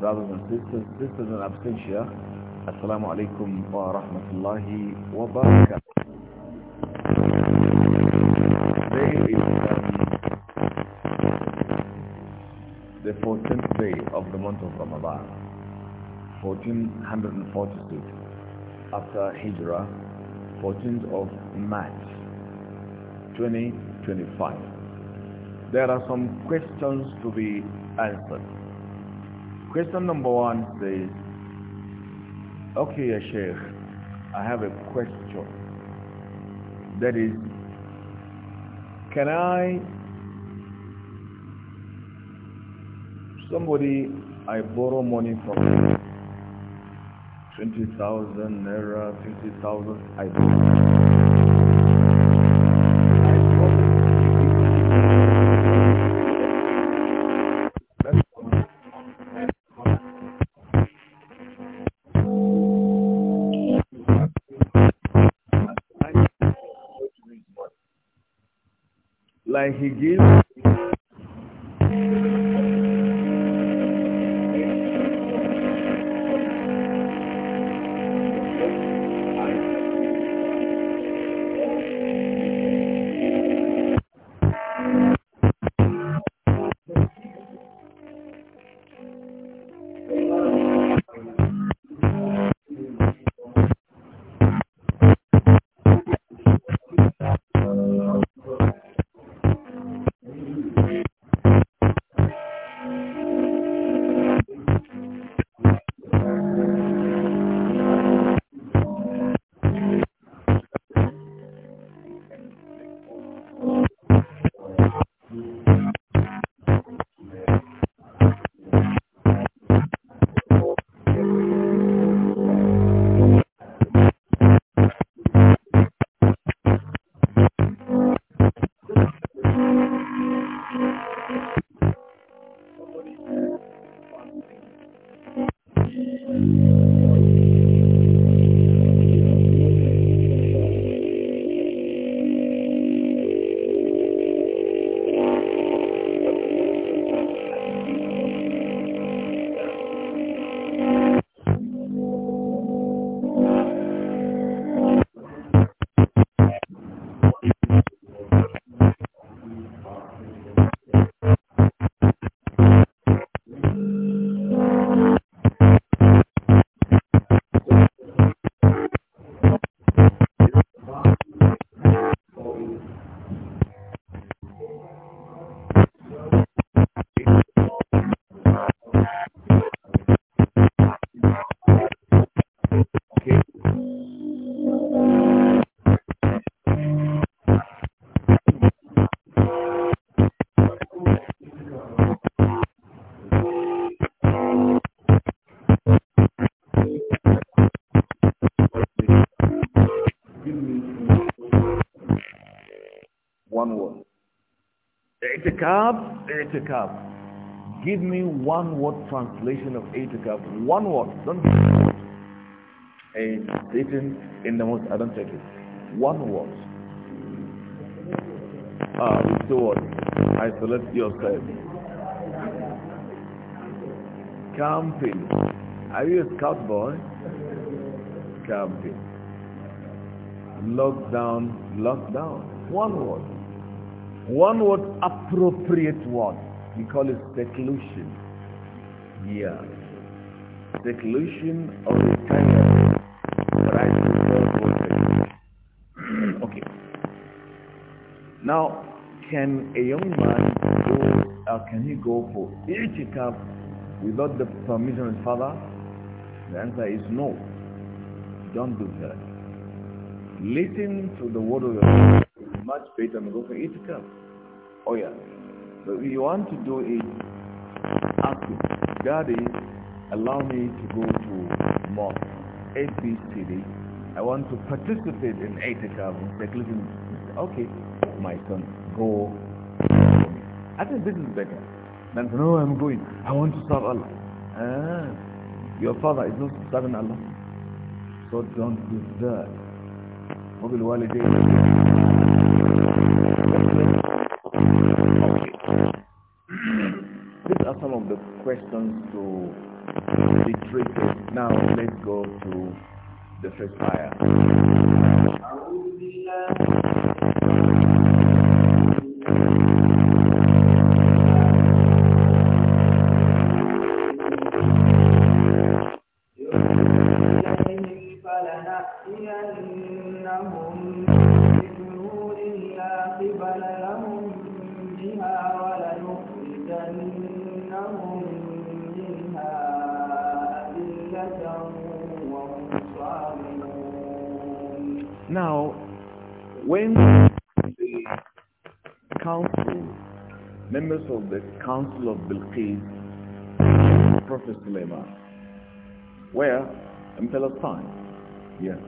brothers and sisters, sisters absentia. Assalamu alaikum wa rahmatullahi wa Today is um, the 14th day of the month of Ramadan, 1446 after Hijrah, 14th of March, 2025 there are some questions to be answered. Question number one says, Okay, ya Sheikh, I have a question. That is, can I, somebody I borrow money from, 20,000 naira, 50,000, I borrow He gives. itikab, itikab. Give me one word translation of itikab. One word. Don't take it. in the most. I don't take it. One word. Ah, with two words. Isolate yourself. Camping. Are you a scout boy? Camping. Lockdown, lockdown. One word. One word, appropriate word. We call it seclusion. Yeah. Seclusion or retirement. Right Okay. Now, can a young man go, or uh, can he go for itikaf without the permission of his father? The answer is no. Don't do that. Listen to the word of your much better than go for itikaf. Oh yeah. But if you want to do it, ask it. Daddy, allow me to go to mosque, city. I want to participate in itikaf in listen. Okay, my son, go. I think this is better Then no, I'm going. I want to serve Allah. Ah, your father is not serving Allah. So don't do that. وبالوالدين of the questions to be treated. Now let's go to the first fire. king, Prophet Suleiman. Where? In Palestine. Yeah.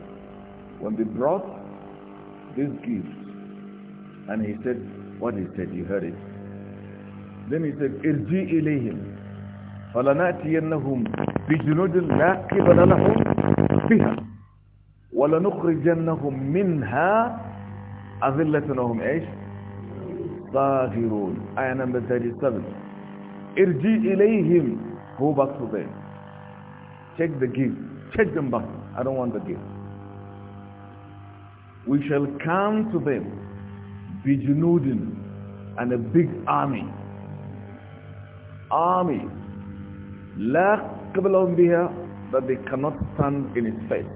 When they brought this gift, and he said, what he said, you heard it. Then he said, ارجي إليهم فلنأتينهم بجنود لا قبل لهم بها ولنخرجنهم منها أذلة وهم إيش صاغرون آية number 37 irji ilayhim go back to them take the gift take them back i don't want the gift we shall come to them bijunudin and a big army army la qablahum biha that they cannot stand in its face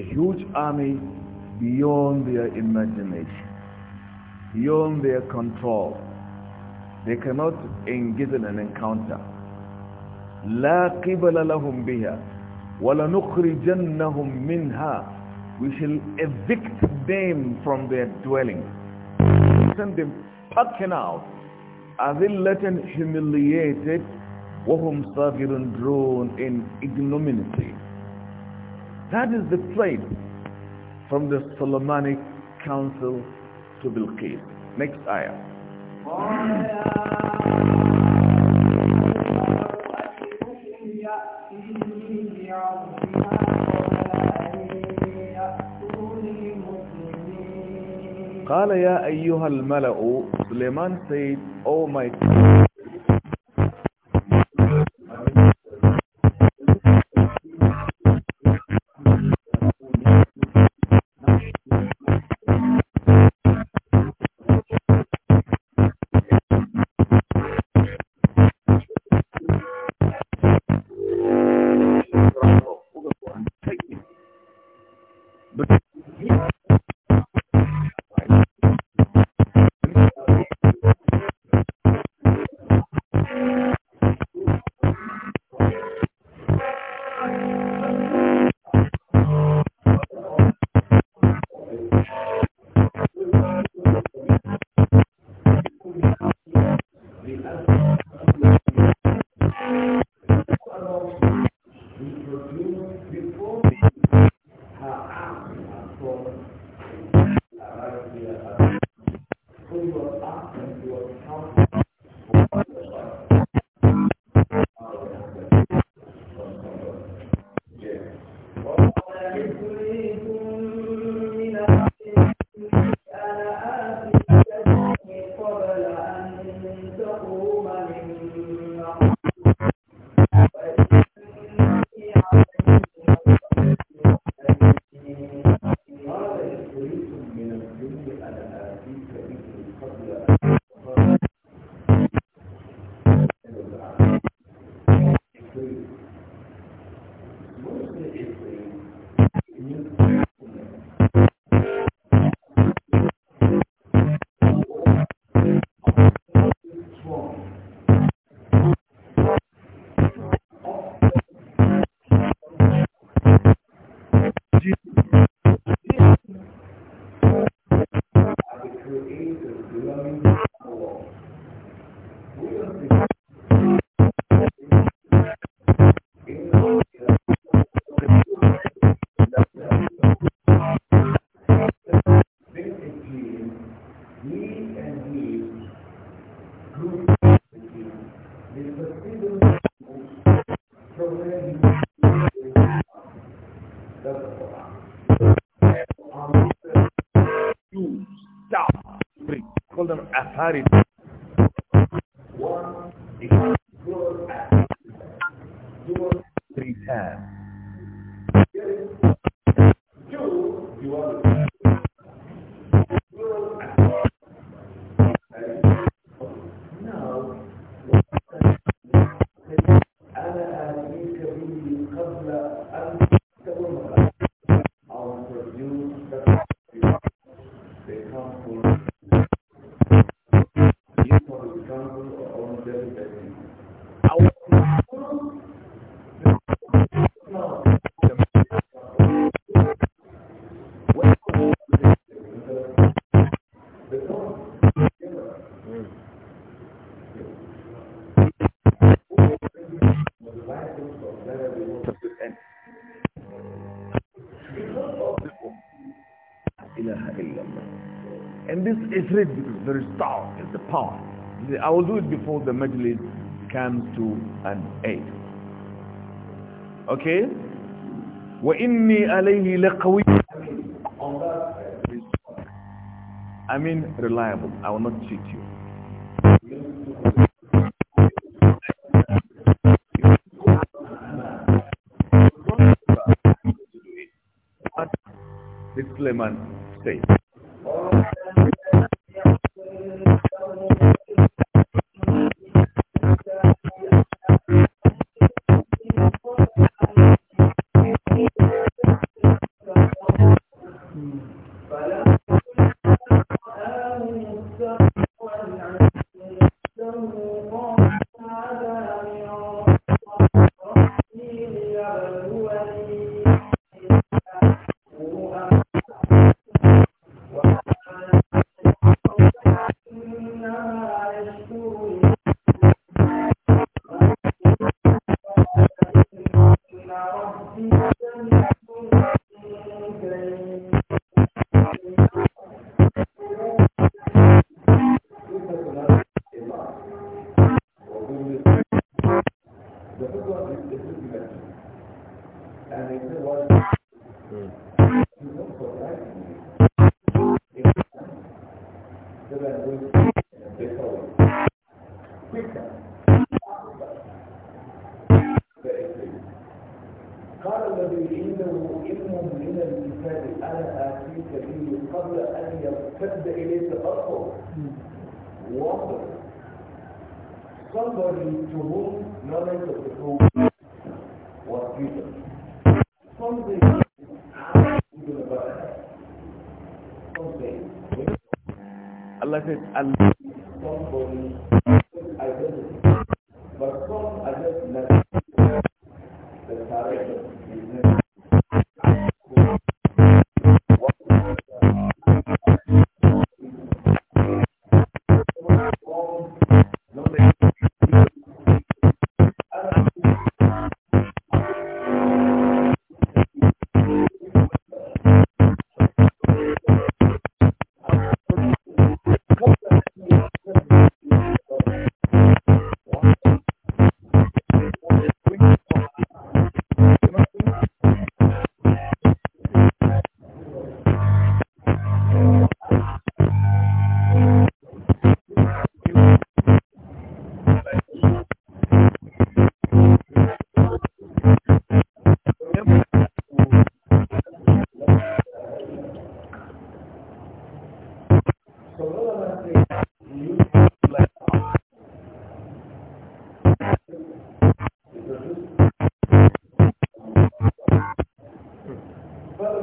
a huge army beyond their imagination beyond their control they cannot engage in an encounter لا قبل لهم بها نخرجنهم منها we shall evict them from their dwelling send them packing out أذلة humiliated وهم صاغرون drawn in ignominy that is the plate from the Solomonic council to Bilqis next ayah قال يا ايها الملأ لمن سيد او ماي read because there is power. It's the power. I will do it before the majlis comes to an end. Okay? وَإِنِّي عَلَيْهِ لَقَوِيٌّ I mean reliable. I will not cheat you. This Clement قال الذي إنه إنه من المثال أنا آتيك به قبل أن يرتد إليك أرضه وقل صبري تهم لا ليس تهم وكيدا صبري الله يسعدك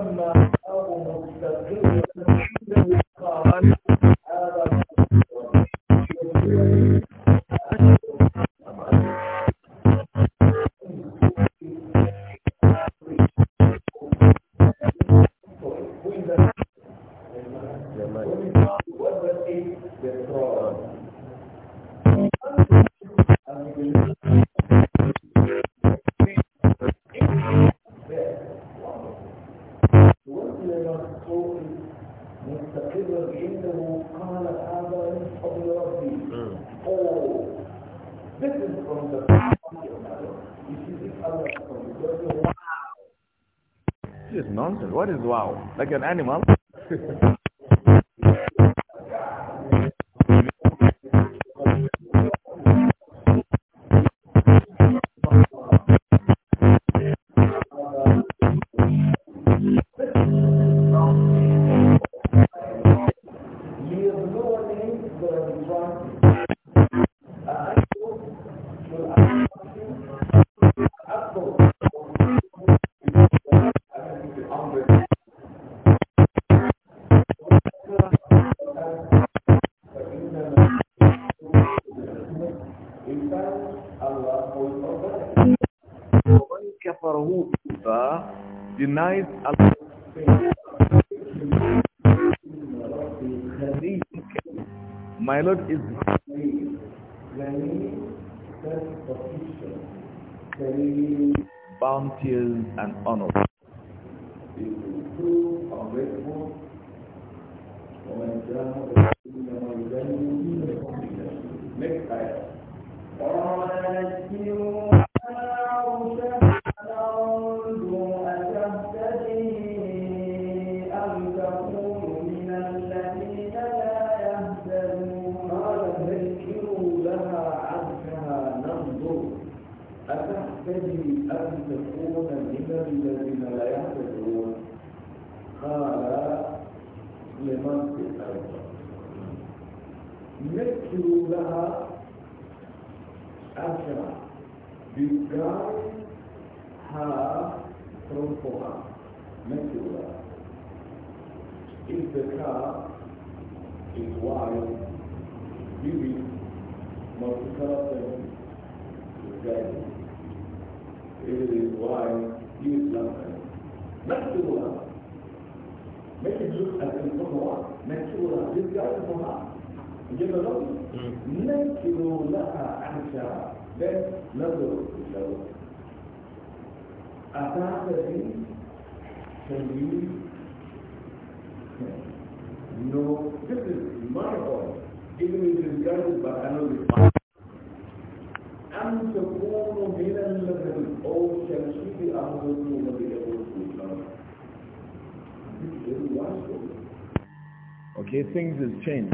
ولما أروا مستقيم like an animal My Lord is bounteous and honorable. Is true and grateful. ذكرها جمع لفظ نكروا لها عشاء بس نظر لو أتعب لي تنبيه No, this is my fault. Even if it's regarded by another أن تكون من المذهب أو تنشيد أهل السنة يقول الإسلام. This is the last one. Okay, things has changed.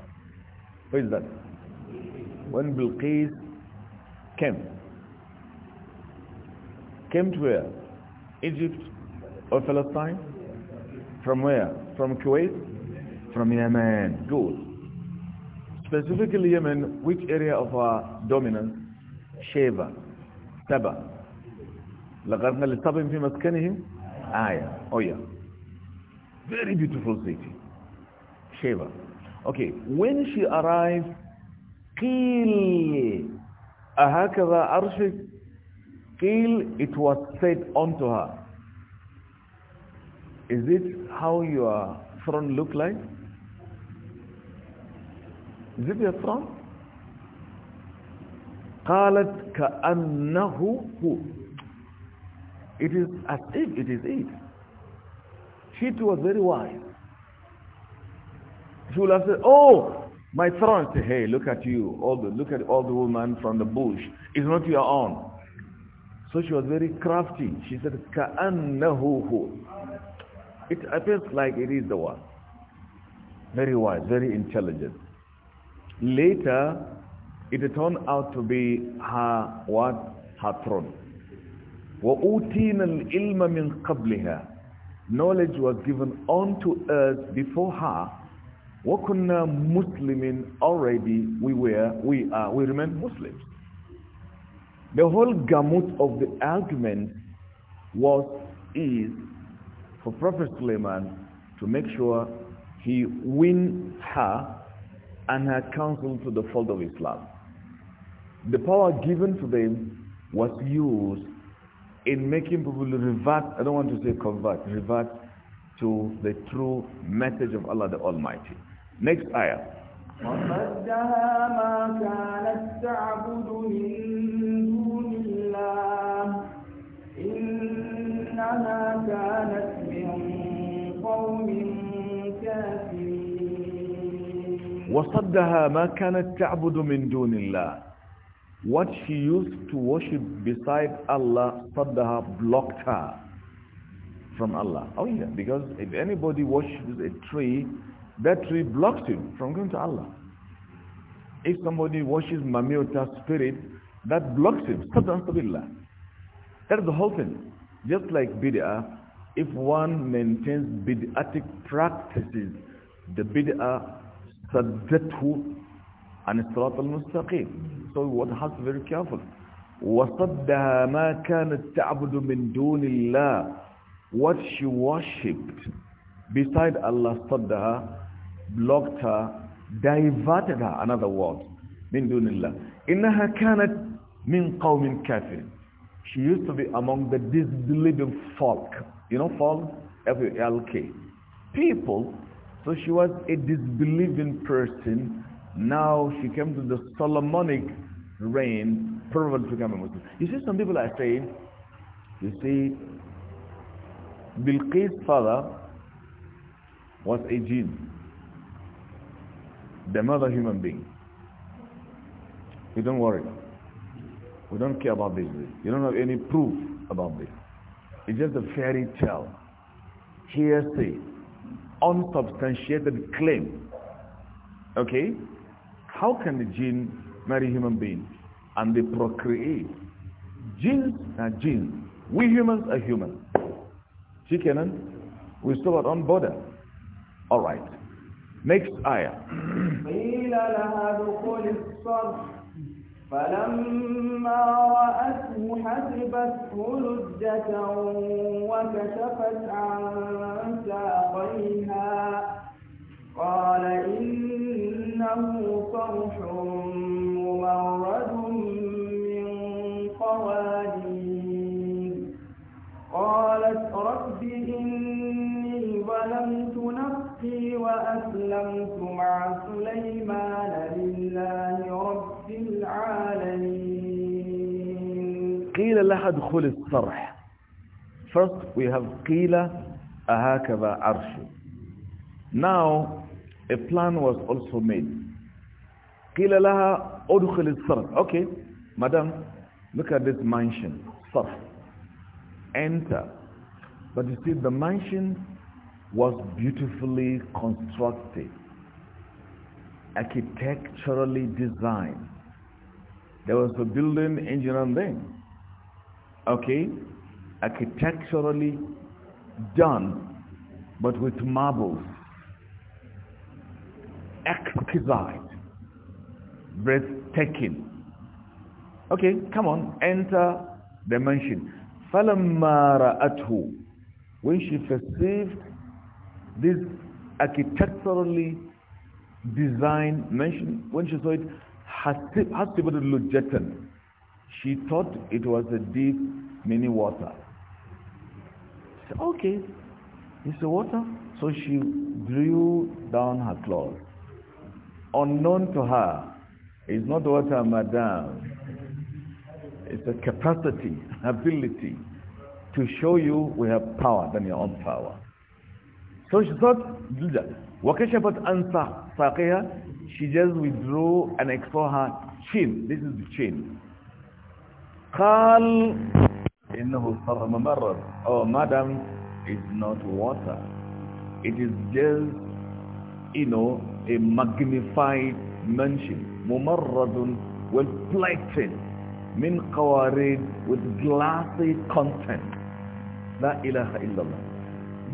Where is that? When Bilqis came. Came to where? Egypt or Palestine? From where? From Kuwait? From Yemen. Good. Specifically Yemen, which area of our dominance? Sheba. Saba. لَقَرْنَا لِسَبِمْ فِي مَسْكَنِهِمْ آيَةً Oh yeah. Very beautiful city. Sheba. Okay, when she arrived, قِيل أَهَكَذَا أَرْشِكْ قِيل It was said unto her. Is it how your throne look like? Is it your throne? قالت كأنه hu It is as if it is it. She too was very wise. She will have said, oh, my throne. Say, hey, look at you. All the, look at all the woman from the bush. It's not your own. So she was very crafty. She said, Ka'annahu It appears like it is the one. Very wise, very intelligent. Later, it turned out to be her, what? Her throne. وَأُوتِينَ الْإِلْمَ مِنْ قَبْلِهَا Knowledge was given unto us before her وَكُنَّا Muslimin already we were, we are, we remain Muslims. The whole gamut of the argument was, is for Prophet Suleiman to make sure he win her and her counsel to the fold of Islam. The power given to them was used in making people revert, I don't want to say convert, revert to the true message of Allah the Almighty next ayah وصدها ما كانت تعبد من دون الله إنها كانت من قوم كافرين وصدها ما كانت تعبد من دون الله What she used to worship beside Allah, Saddaha blocked her from Allah. Oh yeah, because if anybody worships a tree, that tree blocked him from going to Allah. If somebody worships Mamiyota spirit, that blocks him. That is the whole thing. Just like bid'ah, if one maintains bid'atic practices, the bid'ah saddatu an sirat al-mustaqim. So one has to be very careful. وَصَدَّهَا مَا كَانَتْ تَعْبُدُ مِن دُونِ اللَّهِ What she worshipped beside Allah stopped her, blocked her, diverted her, another word, min dunillah. إِنَّهَا كَانَتْ min qawmin كَافِرٍ She used to be among the disbelieving folk. You know folk? F-U-L-K. People. So she was a disbelieving person. Now she came to the Solomonic reign, probably to become a Muslim. You see, some people are saying, you see, Bilqis' father was a jinn, the mother human being. We don't worry. We don't care about this. You don't have any proof about this. It's just a fairy tale, hearsay, unsubstantiated claim. Okay? How can the jinn marry human beings and they procreate? Jinns are jinns. We humans are humans. See, Kenan? We still are on border. All right. Next ayah. قيل لها دخل الصرح فلما رأته حسبته لجة وكشفت عن ساقيها قال إنه صرح مورد من قوانين قالت رب إني ظلمت نفسي وأسلمت مع سليمان لله رب العالمين قيل لها دخول الصرح First we have قيل أهكذا عرش Now a plan was also made قيل لها ادخل الصرح Okay madam look at this mansion صرح Enter But you see the mansion was beautifully constructed, architecturally designed. There was a building engineer then. Okay? Architecturally done, but with marbles. Exquisite. Breathtaking. Okay, come on. Enter the mansion. فَلَمَّا رَأَتْهُ When she perceived this architecturally designed mentioned when she saw it Hasibud Lujatan. She thought it was a deep mini water. She said, okay, it's a water. So she drew down her claws. Unknown to her, it's not water, madam. It's a capacity, ability to show you we have power than your own power. So she thought, وَكَشَفَتْ Ansa سَاقِهَا She just withdrew and exposed her chin. This is the chin. Kal إنه صر Oh, madam, it's not water. It is just, you know, a magnified mansion. ممرض, well plated. من قوارير with glassy content. لا ilaha illallah.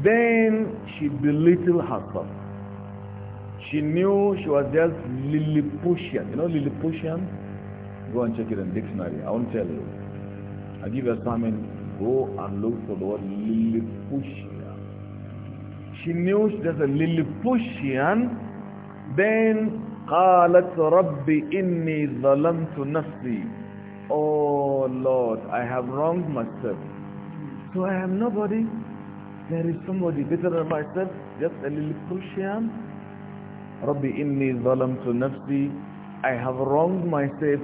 Then she belittled herself. She knew she was just Lilliputian. You know Lilliputian? Go and check it in dictionary. I won't tell you. I give you a sermon. Go and look for the word Lilliputian. She knew she was a Lilliputian. Then قالت رب إني ظلمت نفسي Oh Lord, I have wronged myself. So I am nobody there is somebody better than myself just a little crucian rabbi inni zalamtu nafsi i have wronged myself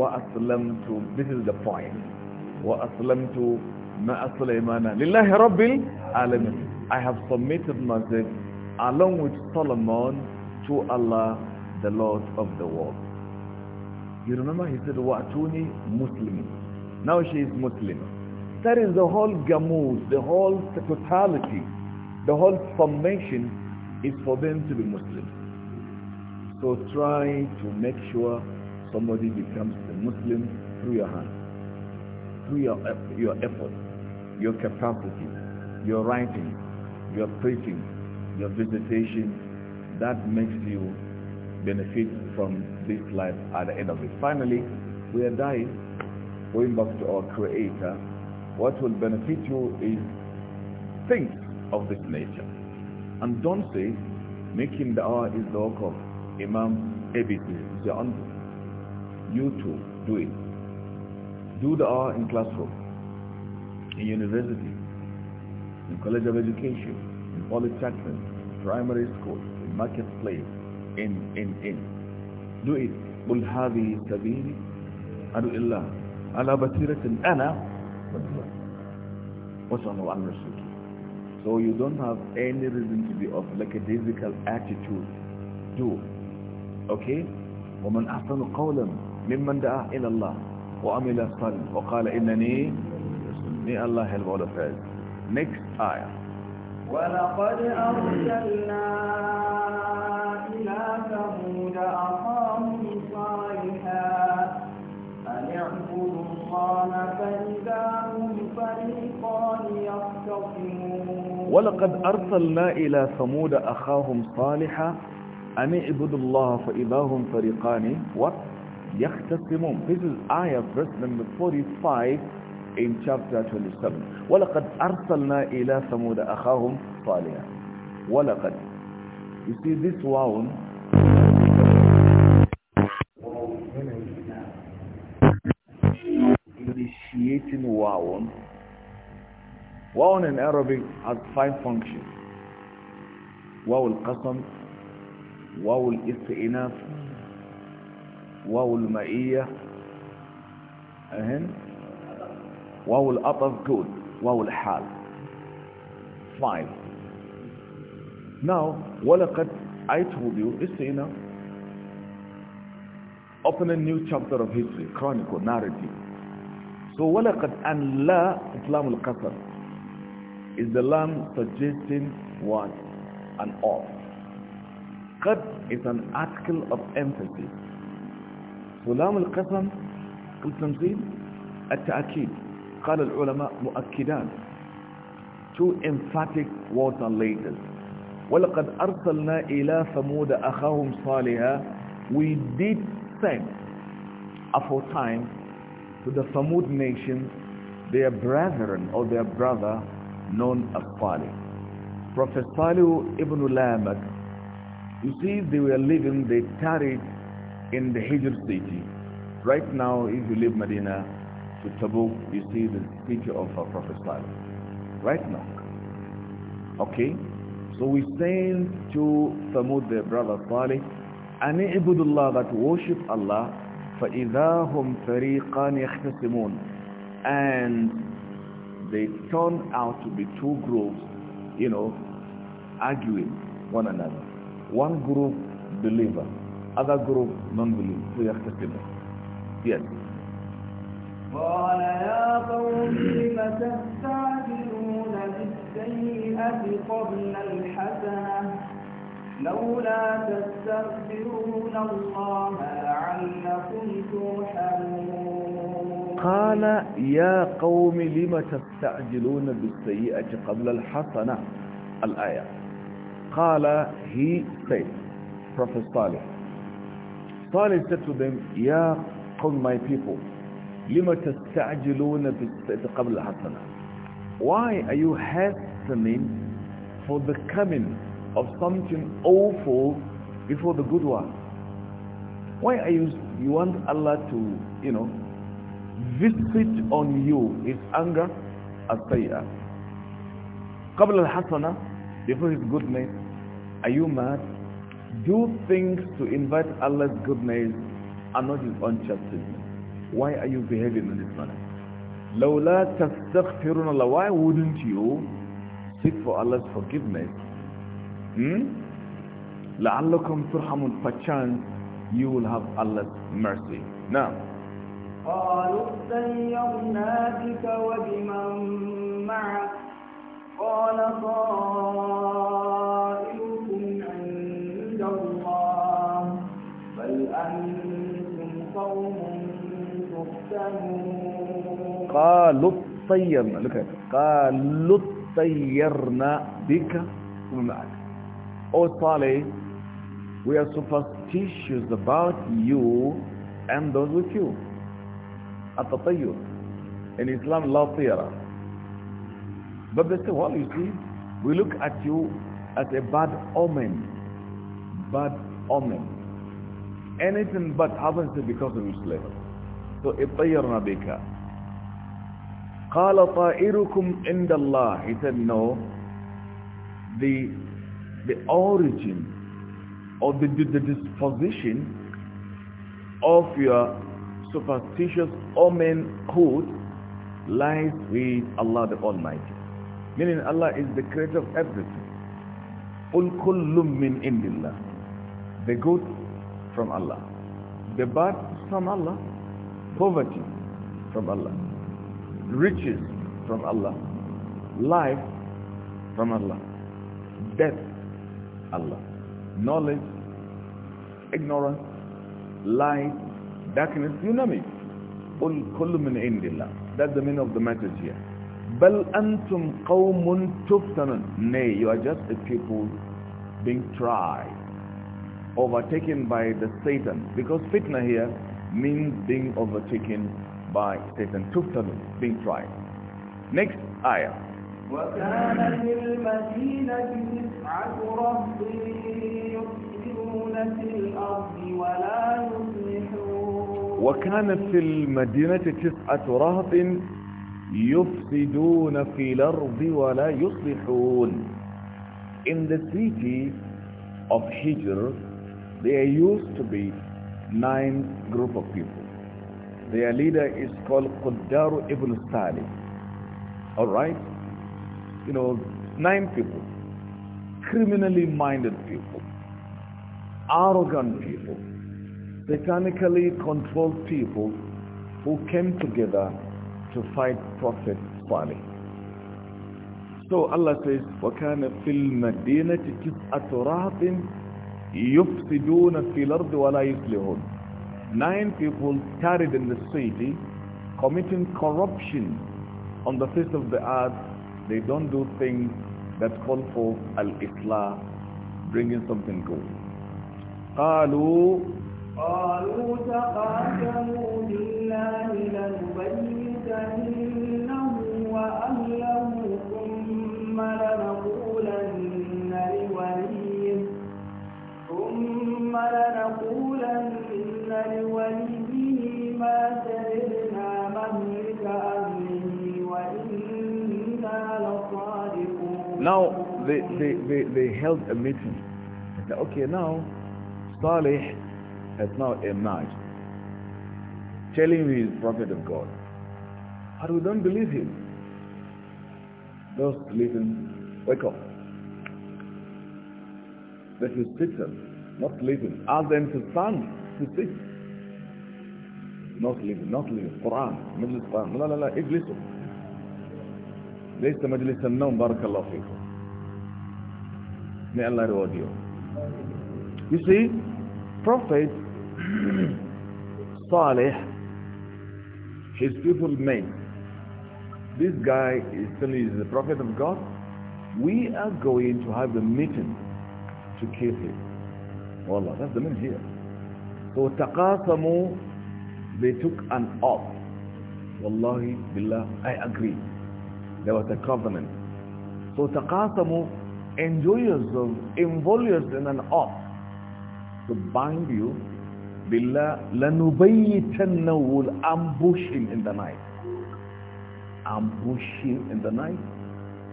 wa aslamtu this is the point wa aslamtu ma aslamana. lillahi rabbil alamin i have submitted myself along with solomon to allah the lord of the world you remember he said wa atuni muslimin now she is muslim that is the whole gamut, the whole totality, the whole formation is for them to be Muslim. So try to make sure somebody becomes a Muslim through your hand, through your, your effort, your capacity, your writing, your preaching, your visitation. That makes you benefit from this life at the end of it. Finally, we are dying, going back to our Creator what will benefit you is think of this nature. And don't say, making the da'wah is the work of Imam ABC. It's your You too, do it. Do the da'wah in classroom, in university, in college of education, in polytechnic, primary school, in marketplace, in, in, in. Do it. قل هذه سبيلي أدعو الله على بصيرة أنا particular. وَسَنُوا عَنْ رَسُولِهِ So you don't have any reason to be of like a like attitude. Do. Okay? وَمَنْ أَحْسَنُ قَوْلًا مِمَّنْ دَعَى إِلَى اللَّهِ وَعَمِلَ صَالِحًا وَقَالَ إِنَّنِي من الله help all Next ayah. وَلَقَدْ أَرْسَلْنَا إِلَى ثَمُودَ أَخَاهُمْ صَالِحًا أَنِ يعبدوا اللَّهَ فَإِنَّ ولقد أرسلنا إلى ثمود أخاهم صالحا أن اعبدوا الله فإذا هم فريقان ويختصمون This is ayah verse number 45 in chapter 27 ولقد أرسلنا إلى ثمود أخاهم صالحا ولقد You see this one Waw in Arabic has five functions. Waw al-qasam, waw al-isti'naf, waw al-ma'iyyah, uh-huh. waw al-ataf good, waw al-hal. Five. Now, walaqad, I told you, isti'naf. Open a new chapter of history, chronicle, narrative. So walaqad and la, Islam al-qasam is the lam suggesting one and all? Qad is an article of emphasis. So lam al-qasam, al-tamzid, al-ta'akid. قال العلماء مؤكدان two emphatic words and letters. وَلَقَدْ أَرْسَلْنَا إِلَى فمود أَخَاهُمْ صَالِحًا We did send aforetime to the Thamud nation their brethren or their brother known as Fali. Prophet Salih ibn Lamak, you see they were living, they tarried in the Hijr city. Right now, if you leave Medina to Tabuk, you see the city of our Prophet Salih. Right now. Okay? So we send to Thamud, their brother Salih, أن اعبدوا الله that worship Allah فإذا هم فريقان يختصمون and they turn out to be two groups, you know, arguing one another. One group believer, other group non-believer. So you have to Yes. قال يا قوم لم تستعجلون بالسيئة قبل الحسنة لولا تستغفرون الله قال يا قوم لم تستعجلون بالسيئة قبل الحسنة الآية قال he said Prophet Salih Salih said to them يا قوم my people لم تستعجلون بالسيئة قبل الحسنة why are you hastening for the coming of something awful before the good one why are you you want Allah to you know visit on you is anger السيئة قبل hasana before his goodness are you mad do things to invite Allah's goodness and not his own chastisement why are you behaving in this manner لولا تستغفرون الله why wouldn't you seek for Allah's forgiveness hmm? لعلكم ترحمون perchance you will have Allah's mercy now قالوا اطيرنا بك وبمن معك قال طائركم عند الله بل أنتم قوم تفتنون قالوا اطيرنا لك قالوا طيرنا بك ومن معك Oh we are superstitious about you and those with you. at In Islam, la tira. But they say, well, you see, we look at you as a bad omen. Bad omen. Anything but happens because of your slavery. So, اطيرنا بك. قال طائركم عند الله. He said, no. The, the origin or the, the disposition of your superstitious omenhood lies with Allah the Almighty. Meaning Allah is the creator of everything. قُلْ min indillah. The good from Allah. The bad from Allah. Poverty from Allah. Riches from Allah. Life from Allah. Death, Allah. Knowledge, ignorance, light, darkness, you قُلْ كُلُّ مِنْ عِنْدِ اللَّهِ That's the meaning of the message here. بَلْ أَنْتُمْ قَوْمٌ تُفْتَنُونَ Nay, you are just a people being tried, overtaken by the Satan. Because fitna here means being overtaken by Satan. Tuftanun, being tried. Next ayah. وكان في المدينة تسعة في الأرض ولا وكان في المدينة تسعة رهط يفسدون في الأرض ولا يصلحون In the city of Hijr, there used to be nine group of people. Their leader is called Quddaru ibn Salih. Alright? You know, nine people. Criminally minded people. Arrogant people satanically controlled people who came together to fight Prophet Salih. So Allah says, وَكَانَ فِي الْمَدِينَةِ كِسْأَةُ رَهَطٍ يُفْسِدُونَ فِي الْأَرْضِ وَلَا يُسْلِهُونَ Nine people carried in the city, committing corruption on the face of the earth. They don't do things that call for al-Islah, bringing something good. قَالُوا قالوا تقاسموا بالله لنبيتنه وأهله ثم لنقولن لوليه ثم لنقولن لوليه ما شهدنا مهلك أهله وإنا لصادقون Now they, they, they, they held a meeting. Okay, now Saleh has now emerged telling you he's prophet of God. But we don't believe him. Those him. wake up. That is Satan, not listen. Ask them to stand, to sit. Not listen, not listen. Quran, Majlis Quran, la la la, Iblisu. ليس مجلس النوم No, الله فيكم May Allah reward you. You see, prophets Saleh, his people men. This guy is telling you the prophet of God. We are going to have a meeting to kill him. Wallah, that's the meaning here. So taqasamu, they took an oath. Wallahi, billah, I agree. There was a covenant. So taqasamu, enjoy yourself, involve yourself in an oath to bind you Billah, لَنُبَيِّتَنَّهُ will ambush him in the night. Ambush him in the night.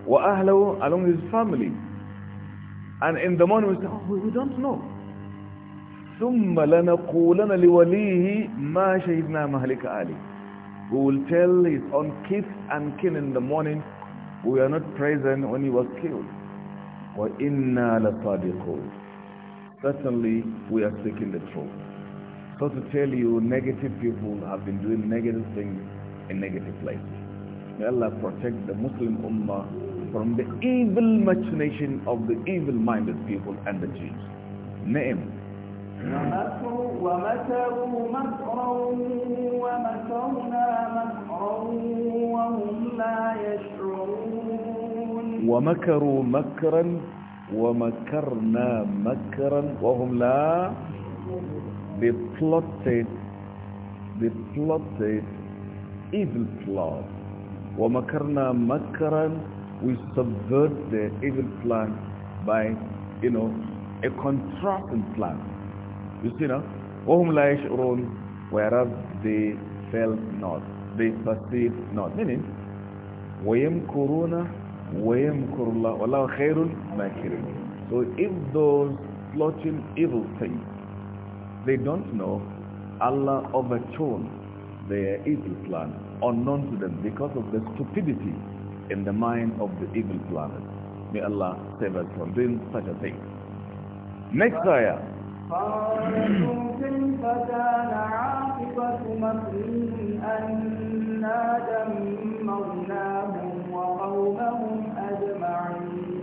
وَأَهْلَهُ along his family. And in the morning we say, oh, we don't know. ثُمَّ لَنَقُولَنَ لِوَلِيهِ مَا شَهِدْنَا مَهْلِكَ عَلِي We will tell his own kith and kin in the morning, we are not present when he was killed. وَإِنَّا لَصَادِقُونَ Certainly we are speaking the truth. So to tell you, negative people have been doing negative things in negative places. May Allah protect the Muslim Ummah from the evil machination of the evil-minded people and the Jews. Name. ومكروا مكرا ومكرنا مكرا وهم لا يشعرون they plotted they plotted evil plot وَمَكَرْنَا مَكْرًا we subvert the evil plan by you know a contrasting plan you see now وَهُمْ لَا يَشْعُرُونَ whereas they felt not they perceived not meaning وَيَمْكُرُونَ وَيَمْكُرُ اللَّهُ وَاللَّهُ خَيْرٌ مَاكِرِينَ so if those plotting evil things they don't know Allah overturned their evil plan unknown to them because of the stupidity in the mind of the evil planners. May Allah save us from doing such a thing. Next ayah.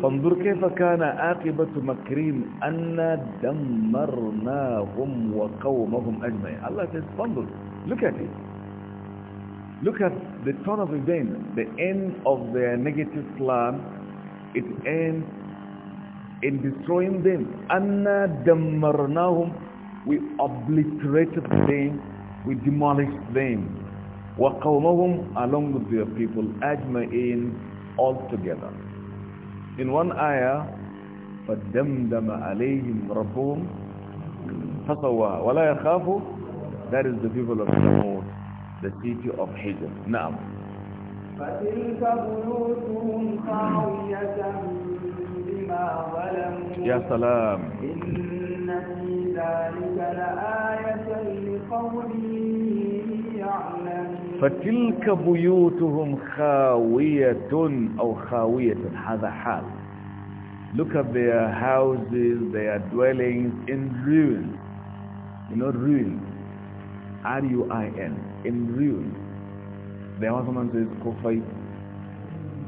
فانظر كيف كان آقبة مكرين أن دمرناهم وقومهم أجمعين Allah says فانظر look at it look at the turn of events the end of their negative plan it ends in destroying them أن دمرناهم we obliterated them we demolished them وقومهم along with their people أجمعين all together in one ayah فَدَّمْدَمَ عَلَيْهِمْ رَبُّهُمْ فَصَوَّهَا وَلَا يَخَافُ That is the people of Samud, the city of Hijab Naam. نعم. فَتِلْكَ بُيُوتُهُمْ خَاوِيَةً بِمَا ظَلَمُوا يا سلام إِنَّ فِي ذَلِكَ لَآيَةً لِقَوْمٍ يَعْلَمُ فتلك بيوتهم خاوية أو خاوية هذا حال Look at their houses, their dwellings in ruin. You know ruin. R-U-I-N. In ruin. There was someone says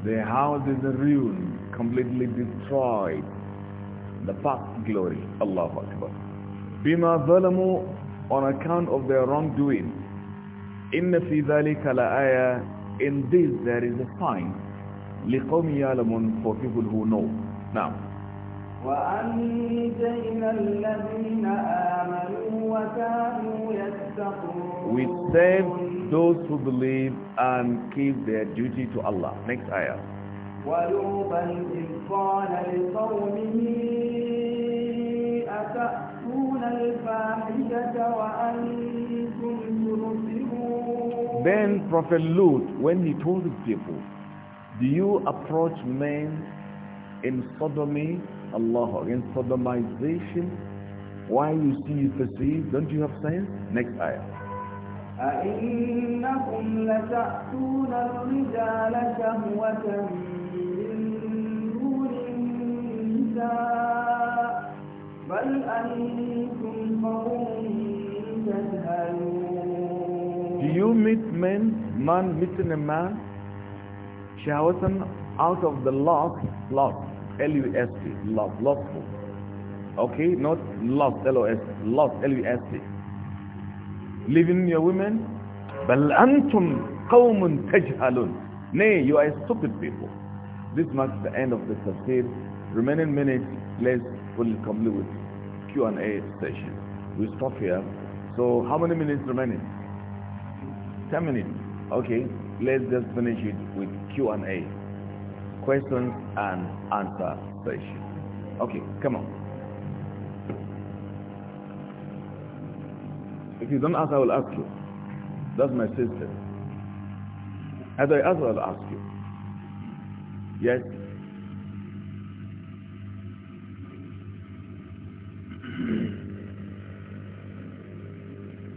Their houses are ruined, ruin, completely destroyed. The past glory. Allah Akbar. Bima zalamu on account of their wrongdoing. إن في ذلك لآية in this there is a sign لقوم يعلمون for people who know now وأنجينا الذين We saved those who believe and keep their duty to Allah. Next ayah. Then Prophet Lut, when he told his people, do you approach men in sodomy, Allah, in sodomization? Why you see you perceive? Don't you have sense? Next ayah. لتأتون الرجال شهوة من دون النساء بل أنتم Do you meet men, man meeting a man? Shahwatan out of the lock, lust, L-U-S-T, lock, lockful. Okay, not lust, L-O-S, lust, L-U-S-T. Leaving your women? بل أنتم قوم تجهلون. Nay, you are stupid people. This marks the end of the tafsir. Remaining minutes, let's fully complete with Q&A session. We stop here. So how many minutes remaining? 10 minutes. Okay, let's just finish it with Q&A. Questions and answer session. Okay, come on. If you don't ask, I will ask you. That's my system. As I ask, I'll ask you. Yes?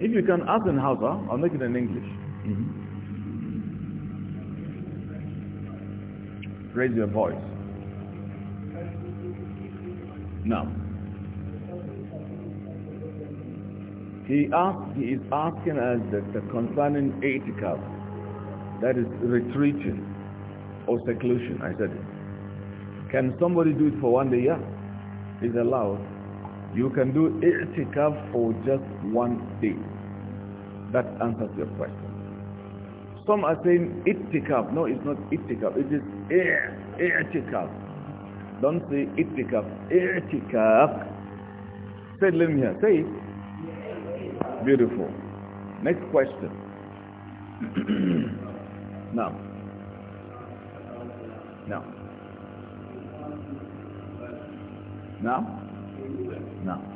If you can ask in Hausa, I'll make it in English. Mm -hmm. Raise your voice. Now, he, asked, he is asking us that, that concerning etikaf, that is retreating or seclusion, I said it. Can somebody do it for one day? Yeah, it's allowed. You can do i'tikaf for just one day. That answers your question. Some are saying ittikaf. No, it's not ittikaf. It is i'tikaf. Don't say ittikaf. I'tikaf. Say it, let me hear. Say it. Beautiful. Next question. now. Now. Now. Now.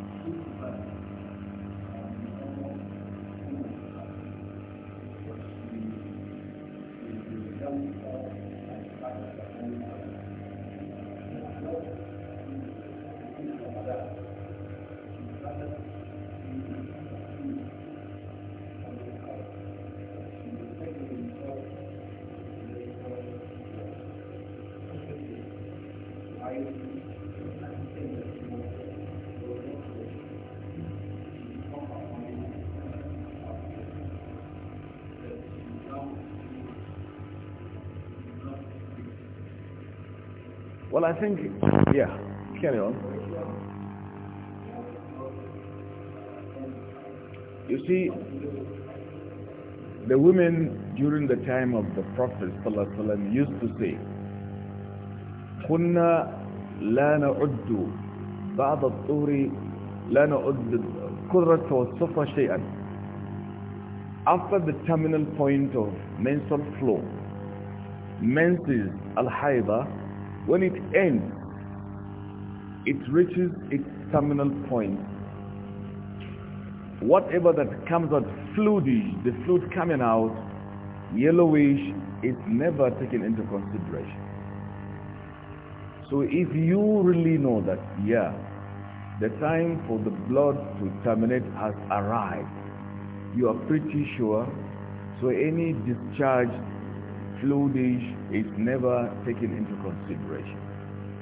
I think, yeah, carry on. You see, the women during the time of the Prophet ﷺ used to say, كنا لا نعد بعض الطور لا نعد قدرة والصفة شيئا After the terminal point of menstrual flow, menses, al-haidah, when it ends, it reaches its terminal point. Whatever that comes out fluidish, the fluid coming out, yellowish, is never taken into consideration. So if you really know that, yeah, the time for the blood to terminate has arrived, you are pretty sure, so any discharge slow is never taken into consideration.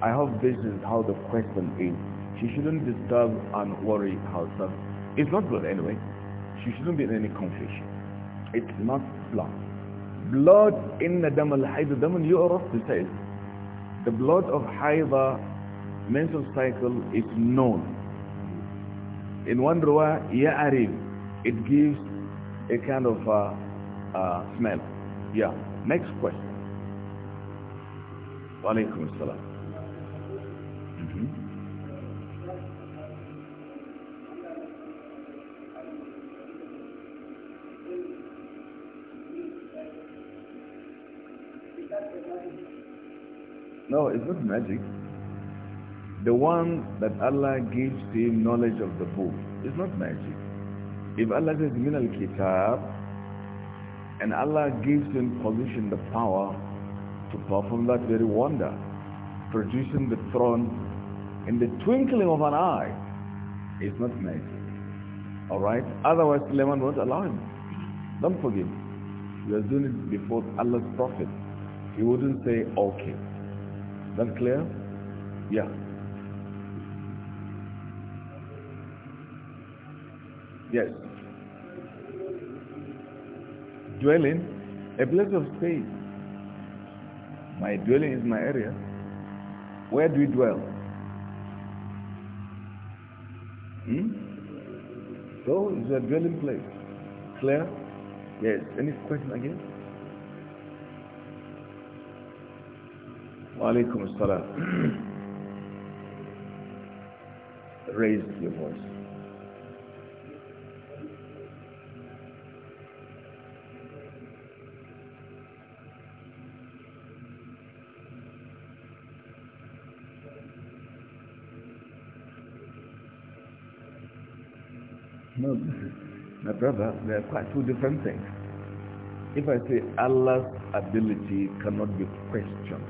I hope this is how the question is. She shouldn't disturb and worry herself. It's not good anyway. She shouldn't be in any confusion. It's not blood. Blood in the dam al You dam al-yu'raf, says, the blood of haida, menstrual cycle, is known. In one ruwa, ya'arif, it gives a kind of uh, uh, smell. Yeah. Next question. Wa salam. Mm -hmm. No, it's not magic. The one that Allah gives him knowledge of the book is not magic. If Allah says, min al-kitab, and Allah gives in position the power to perform that very wonder, producing the throne in the twinkling of an eye It's not magic. Alright? Otherwise, Suleiman won't allow him. Don't forgive. Him. You are doing it before Allah's Prophet. He wouldn't say, okay. That clear? Yeah. Yes dwelling a place of space. My dwelling is my area. Where do we dwell? Hmm? So it's a dwelling place. Clear? Yes. Any question again? Walaikum as-salam. Raise your voice. My brother, they are quite two different things. If I say Allah's ability cannot be questioned,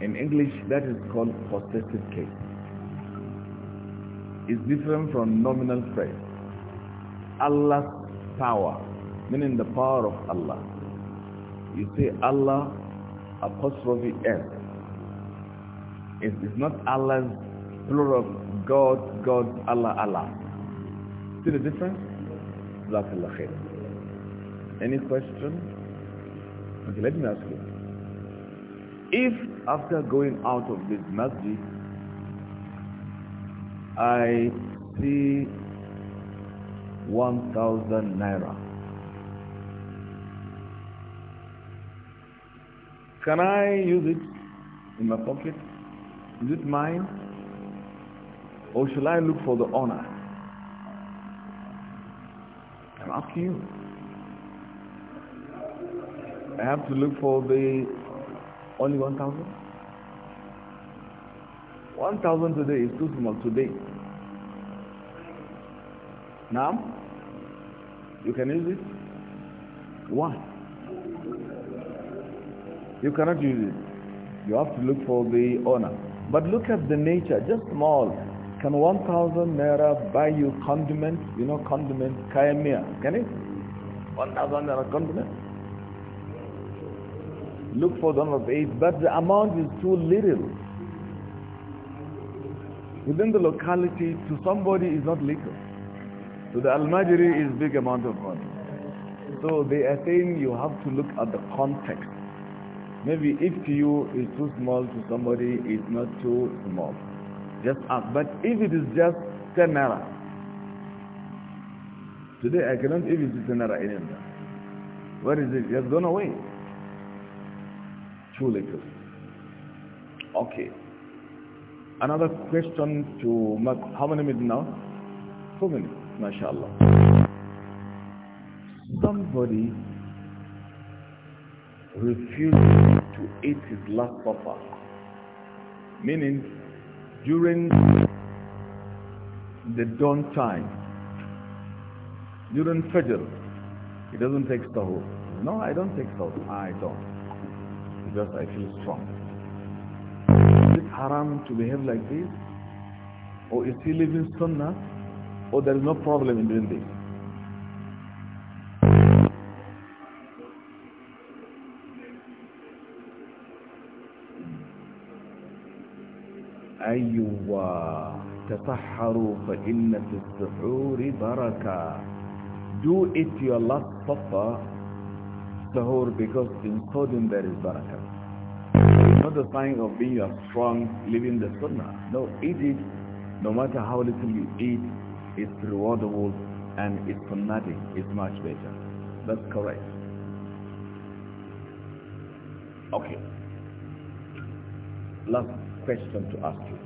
in English that is called possessive case. It's different from nominal phrase. Allah's power, meaning the power of Allah. You say Allah apostrophe S. It's not Allah's plural God, God, Allah, Allah. See the difference? khair. Any question? Okay, let me ask you. If after going out of this masjid, I see 1,000 naira, can I use it in my pocket? Is it mine? Or shall I look for the owner? up to you. I have to look for the only 1,000? 1,000 today is too small today. Now, you can use it. Why? You cannot use it. You have to look for the owner. But look at the nature, just small. Can 1,000 naira buy you condiments? You know condiments, kayamia, can it? 1,000 naira condiments? Look for the number of eight, but the amount is too little. Within the locality, to somebody is not legal. So the Almajiri is big amount of money. So they are saying you have to look at the context. Maybe if you is too small, to somebody is not too small. Just ask. But if it is just 10 naira, today I cannot even see 10 naira anymore. Where is it? It has gone away. Too little. Okay. Another question to Mark. How many minutes now? Four minutes, mashallah. Somebody refused to eat his last supper. Meaning, during the dawn time, during Fajr, he doesn't take sahur. No, I don't take sahur. I don't. Because I feel strong. Is it haram to behave like this? Or is he living sunnah? Or there is no problem in doing this? أيوا تطهروا فإن في السحور بركة do it your last supper sahur because in sodium there is barakah it's not a sign of being a strong living the sunnah no eat it no matter how little you eat it's rewardable and it's nothing. it's much better that's correct okay last question to ask you.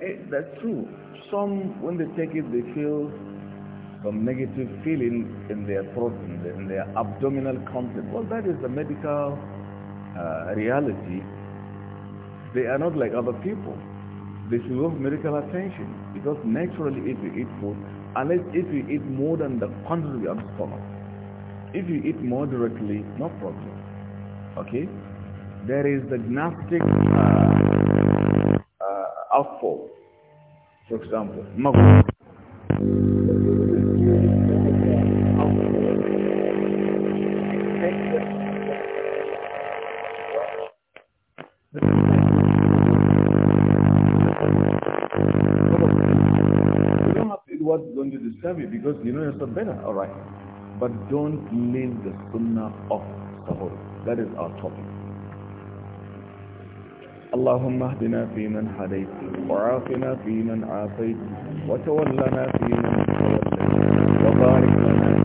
It, eh, that's true. Some, when they take it, they feel some negative feeling in their throat, in their abdominal content. Well, that is the medical uh, reality. They are not like other people. They should have medical attention. Because naturally if you eat food, unless if you eat more than the quantity of the stomach, if you eat moderately, no problem. Okay? There is the gnostic uh, uh, outfall. For example, Maghrib. serve you because you know yourself better. All right. But don't leave the sunnah of sahur. That is our topic. اللهم اهدنا فيمن هديت وعافنا فيمن عافيت وتولنا فيمن توليت وبارك لنا